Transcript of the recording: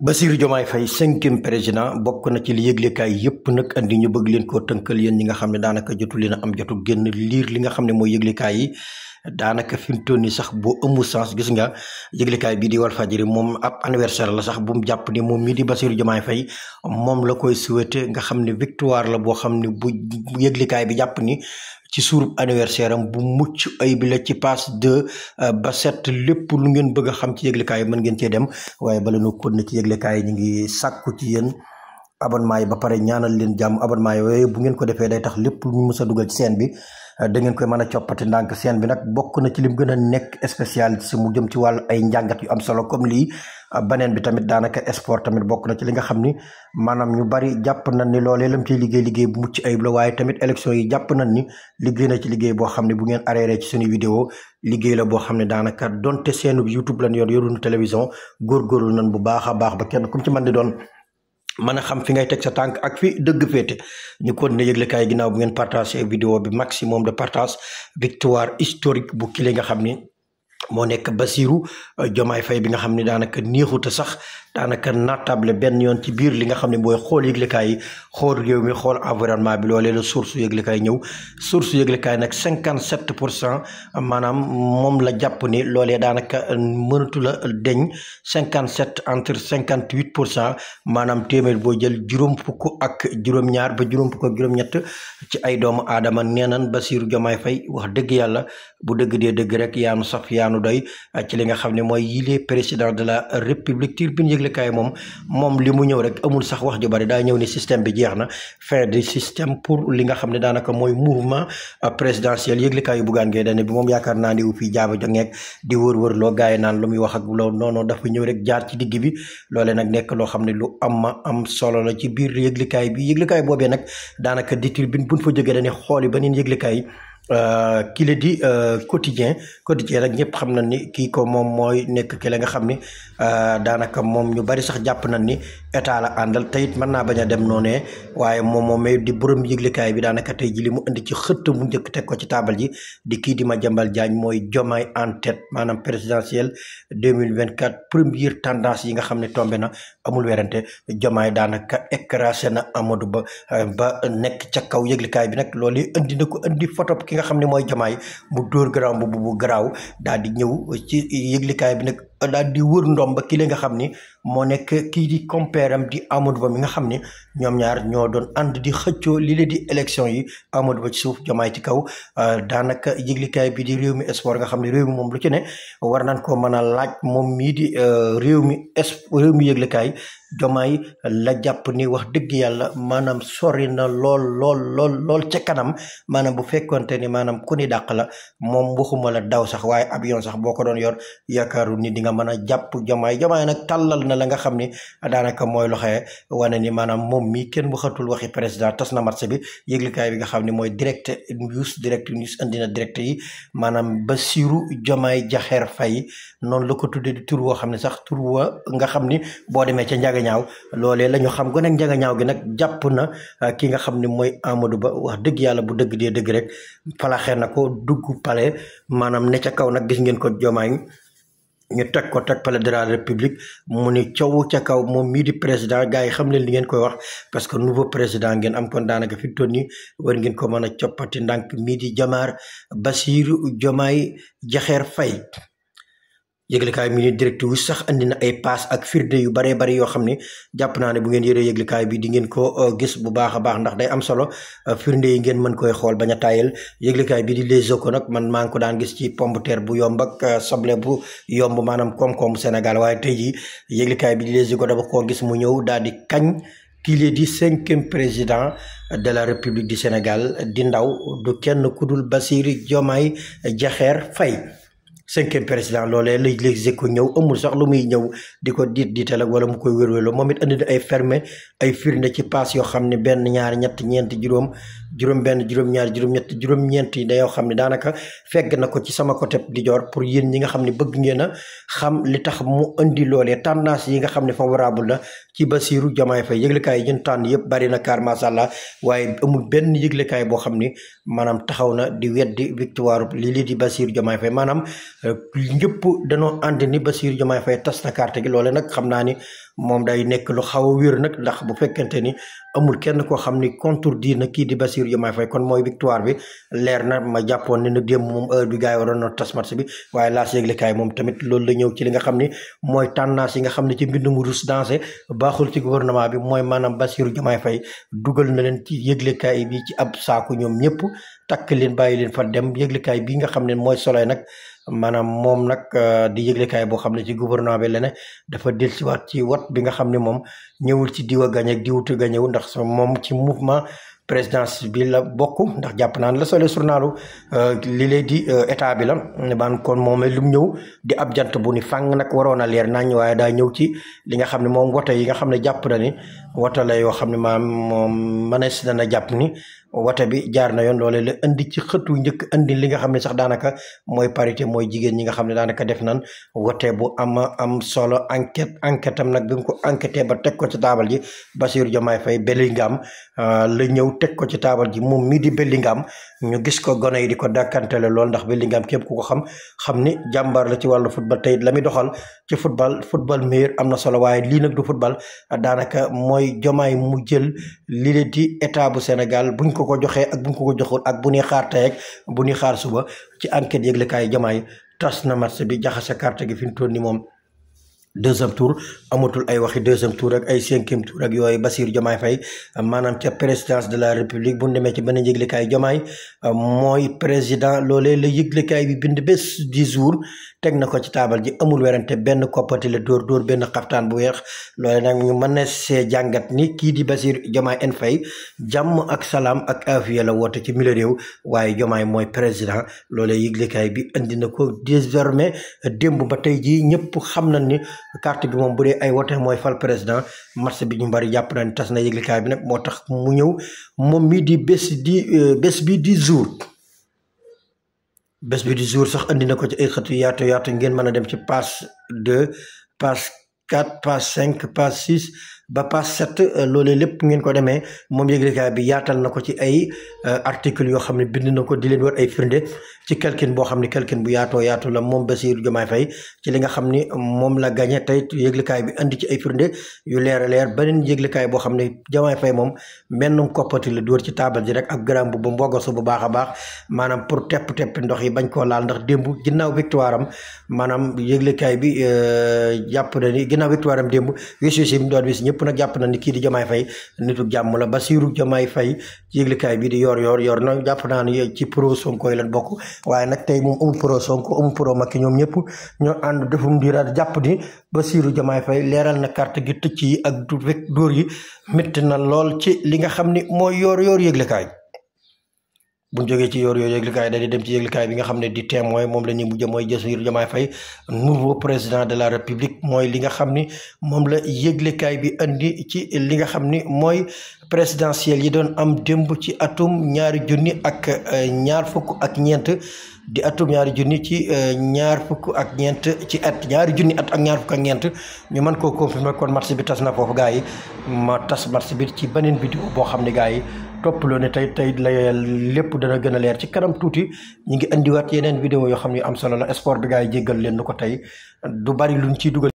Bassirou Diomaye Faye cinquième président bokk na ci li yëglekaay yëpp nag andi ñu bëgg leen koo tënkal yéen ñi nga xam ne daanaka jotu leen a am jotu génn liir li nga xam ne mooy yëglekaay yi daanaka fi mu toll nii sax boo ëmb sens gis nga yëglekaay bii di Walfadjri moom ab anniversaire la sax bu mu jàpp ni moom mii di Bassirou Diomaye Faye moom la koy souhaité nga xam ne la boo xam ne bu yëglekaay bi jàpp ni ci suurub anniversaire am bu mucc ay bi la ci passe deux euh, ba lépp lu ngeen bëgg xam ci yëglekaay yi mën ngeen cee dem waaye bala ñu kon na ci yëglekaay yi ñu ngi sàkku ci yéen abonnement yi ba pare ñaanal leen jàmm abonnement yooyu bu ngeen ko defee day tax lépp lu ñu mës a dugal seen bi euh, da ngeen koy mën a coppati ndànk seen bi nag bokk na ci lim gën a nekk spécial si mu ci wàllu ay njàngat yu am solo comme lii euh, baneen bi tamit daanaka sport tamit bokk na ci li nga xam ni maanaam ñu bari jàpp nañ ni loolee lam ciy liggéey liggéey bu mucc ayib la waaye tamit élection yi jàpp nañ ni liggéey na ci liggéey boo xam ne bu ngeen arrêté ci suñu vidéo liggéey la boo xam ne daanaka donte seenu YouTube lan yor yoruñu télévision góorgóorlu nañ bu baax a baax ba kenn kom ci man di doon mën a xam fi ngay teg sa tànk ak fi dëgg féete ñu continuer yëglekaay ginnaaw bu ngeen partagé vidéo bi maximum de partage victoire historique bu kile nga xam ni moo nekk Basirou euh, Diomaye fay bi nga xam ne daanaka neexut a sax daanaka nattable benn yoon ci biir li nga xam ne mooy xool yëglekaay yi xool réew mi xool environnement bi loolee la source yëglekaay ñëw source yëglekaay nag cinquante sept pour cent maanaam moom la jàpp ni loolee daanaka euh, mënatu la deñ cinquante sept entre cinquante huit pour cent maanaam téeméer boo jël juróom fukk ak juróom-ñaar ba juróom fukk ak juróom-ñett ci ay doomu aadama nee nan Bassirou Diomaye Faye wax dëgg yàlla bu dëgg dee dëgg rek yaanu saf yaanu doy ci li nga xam ne mooy yile yëglikaay moom moom li mu ñëw rek amul sax wax ju bari daa ñëw ni système bi jeex na fin de système pour li nga xam ne daanaka mooy mouvement euh, présidentiel yëglikaay yu buggaan ngay dane bi moom yaakaar naa ni wu fii jaaba jongeeg di wër-wër loo yi naan lu muy wax ak loolu noonu dafa ñëw rek jaar ci digg bi loole nag nekk loo xam ne lu am ma am solo la ci biir yëglikaay bi yëglikaay boobee nag daanaka di tribune buñ fa jógee dane xooli beneen yëglikaay Euh, ki la di euh, quotidien quotidien rek ñëpp xam na ni kii ko moom mooy nekk ki la nga xam ni euh, daanaka moom ñu bari sax jàpp nañ ni état la àndal te it mën naa bañ a dem noonee waaye moom moom moomay di borom yëglikaay bi daanaka tey ji li mu indi ci xëtt mu njëkk teg ko ci taabal ji di kii di Madiambal Diagne mooy Diomaye en tête maanaam présidentielle 2024 première tendance yi nga xam ne tombé na amul werante Diomaye daanaka écrasé na Amadou Ba ba nekk ca kaw yëglikaay bi nag nga xam ne mooy jamaay mu dóor garaaw bu bu garaaw daal di ñëw ci yëglikaay bi nag daal di wër ndomba ki la nga xam ni moo nekk kii di compère am di Amadou Ba mi nga xam ni ñoom ñaar ñoo doon ànd di xëccoo lii la di élection yi Amadou Ba ci suuf jomaay ci kaw euh, daanaka yëglikaay bii di réew mi espoir nga xam ni réew mi moom lu ci ne war nañ ko mën a laaj moom mii di euh, réew mi es réew mi yëglikaay jomaay la jàpp ni wax dëgg yàlla maanaam sori na lool lool lool lool ca kanam maanaam bu fekkonte ni maanaam ku ni la moom waxuma la daw sax waaye avion sax boo ko doon nga mën a jàpp jamaay jamaay nag tàllal na la nga xam ni daanaka mooy loxee wana ni maanaam moom mii kenn waxatul waxi président tas na marché bi yëglikaay bi nga xam ne mooy direct news direct news indi na direct yi maanaam Bassirou Diomaye Diakhar fay noonu la ko tuddee di tur xam ne sax tur wa nga xam ni boo demee ca njagañaaw loolee la ñu xam ko nag ñaaw gi nag jàpp na ah, ki nga xam ne mooy Amadou Ba wax dëgg yàlla bu dëgg dee dëgg rek falaxee na ko dugg pale maanaam ne ca kaw nag gis ngeen ko Diomaye ñu teg ko teg palais de la république mu ni coow ca kaw moom mii di président gars yi xam leen li ngeen koy wax parce que nouveau président ngeen am kon daanaka fi mu nii war ngeen ko mën a coppati ndànk mii di jamaar Bassirou Diomaye jaxeer fay yëglekaay minute direct wu sax andi na ay paas ak firnde yu baree bari yoo xam ne jàpp naa ne bu ngeen yëree yëglekaay bi di ngeen ko euh, gis bu baax a baax ndax day am solo euh, firnde yi ngeen mën koy xool bañ a tayal yëglekaay bi di les eco nag man maa ngi ko daan gis ci pomme terre bu yomb ak euh, bu yomb maanaam koom-koom Sénégal waaye tey jii yëglekaay bi di les eco dafa koo gis mu ñëw daal di kañ qu'il est di cinquième président de la République du Sénégal di ndaw du kenn ku dul Bassirou Diomaye Diakhar Faye cinquième président loolee lay les éco ñëw amul sax lu muy ñëw di ko diit diital ak wala mu koy wérwélo moom it andi na ay ferme ay firnde ci paas yoo xam ne benn ñaar ñett ñeent juróom juróom-benn juróom-ñaar juróom-ñett juróom-ñeent yi dayoo xam ne daanaka fegg na ko ci sama côté di joor pour yéen ñi nga xam ni bëgg ngeena xam li tax mu indi loole loolee tendance yi nga xam ne favorable na ci Bassirou Diomaye Faye yëglekaay yi ñun tànn yëpp bari na kaar macha waaye amul benn yëglekaay boo xam ni maanaam taxaw na di weddi victoire lii lii di Bassirou Diomaye maanaam euh, ñëpp danoo ànd ni Bassirou Diomaye Faye tas na carte gi loole nag xam naa ni moom day nekk lu xaw a wér nag ndax bu fekkente ni amul kenn koo xam ni contredire na kii di Bassirou Diomaye fay kon mooy victoire bi leer na ma jàppoon ne nag démb moom heure bi gars yi waroon na tas match bi waaye laas yëglekaay moom tamit loolu la ñëw ci li nga xam ni mooy tendance yi nga xam ne ci mbindum rus dansé baaxul ci gouvernement bi mooy maanaam Bassirou Diomaye fay dugal na leen ci yëglekaay bi ci ab saaku ñoom ñëpp takk leen bàyyi leen fa dem yëglekaay bi nga xam ne mooy soloy nag maanaam moom nag uh, di yëglekaay boo xam ne ci gouvernement bi lene dafa dellusiwaat ci wat bi nga xam ne moom ñëwul ci diw a gañe ak diwutu gañewul ndax moom ci mouvement présidence bi la bokk ndax jàpp naan la sole journalu euh, li lay di euh, état bi la baan kon moom lu mu ñëw di ab jant bu ni fàng nag waroon a leer nañ waaye daa ñëw ci li nga xam ne moom woote yi nga xam ne jàpp na ni woto la yoo xam ne maam moom mënees dana jàpp ni wote bi jaar na yoon loolee la indi ci xëtu njëkk indi li nga xam ne sax daanaka mooy parité mooy jigéen ñi nga xam ne daanaka def nan woote bu am am solo enquête enquête am nag bi ko enquêté ba teg ko ci taabal ji Bassirou Diomaye Faye Bellingham euh, la ñëw teg ko ci taabal ji moom mii di Bellingham ñu gis ko gone yi di ko dàkkantele lool ndax Bellingham képp ku ko xam xam ni jàmbaar la ci wàllu football tey la muy doxal ci football football meilleur am na solo waaye lii nag du football daanaka mooy jomaay mu jël li leen di état bu Sénégal buñ ko ko joxee ak buñ ko ko joxul ak bu ñuy xaar teeg ak bu ñuy xaar suba ci enquête yëglekaay jomaay tas na match bi jaxase carte gi fi mu toll nii moom deuxième tour amatul ay waxi deuxième tour ak ay cinquième tour ak yooyu Bassirou Diomaye Faye euh, maanaam ca présidence de la république bu ñu demee ci benn yëglekaay Diomaye euh, mooy président loole la yëglekaay bi bind bés dix jours teg na ko ci taabal ji amul werante benn koppati la dóor dóor benn xaftaan bu weex loole nag ñu mën na see jàngat ni kii di Bassirou Diomaye en Faye jàmm ak salaam ak afiya la ci mila réew waaye Diomaye mooy président loole yëglekaay bi indi na ko désormais démb ba tey jii ñëpp xam nañ ni carte bi moom bu ay wote mooy fal président marché bi ñu bari jàpp na tas na yëglekaay bi nag moo tax mu ñëw moom mii di bés di euh, bés bi di jour bés bi du jour sax andi na ko ci ay xëtu yaatu ngeen mën a dem ci passe deux passe quatre passe cinq passe six ba page sept euh, loolee lépp ngeen ko demee moom yëglekaay bi yaatal na ko ci ay euh, article yoo xam ne bind na ko di leen war ay firnde ci quelqu'un boo xam ne quelqu'un bu yaatoo yaatu la moom Bassirou Diomaye Faye ci li nga xam ni moom la gagné tey yëglekaay bi andi ci ay firnde yu leer a leer beneen yëglekaay boo xam ne Diomaye Faye moom mennum koppati la dóor ci taabal ji rek ak garaam bu ba mbogosu bu baax a baax maanaam pour tepp-tepp ndox yi bañ koo laal ndax démb ginnaaw victoire am maanaam yëglekaay bi euh, jàpp na ni ginnaaw victoire am démb wis wis yi mu wis ñëpp ñëpp na jàpp na ni kii di Diomaye Faye nitu jàmm la Bassirou Diomaye fay ci yëglikaay bi di yor yor yor na jàpp naa ni ci pro Sonko yi lañ bokk waaye nag tey moom amul pro Sonko amul pro Macky ñoom ñëpp ñoo ànd defum diiraat jàpp ni Bassirou Diomaye fay leeral na carte gi tëcc yi ak du rek dóor yi métti na lool ci li nga xam ni mooy yor yor yëglikaay buñ jógee ci yoor yooyu yëglikaay dañuy dem ci yëglikaay bi nga xam ne di mooy moom la ñuy mujj mooy Bassirou Diomaye Faye nouveau président de la république mooy li nga xam ni moom la yëglikaay bi andi ci li nga xam ni mooy présidentielle yi doon am démb ci atum ñaari junni ak euh, ñaar fukk ak ñeent di atum ñaari junni ci euh, ñaar fukk ak ñeent ci at ñaari junni at ak ñaar fukk ak ñeent ñu mën koo confirmer kon match bi tas na foofu gars yi ma tas match bi ci beneen vidéo boo xam ne gars yi toppaloo ne tey tey la lépp dana gën a leer ci kanam tuuti ñu ngi indiwaat yeneen vidéo yoo xam ne am solo la sport bi gars yi jéggal leen nu ko tey du bari luñ ciy dugal.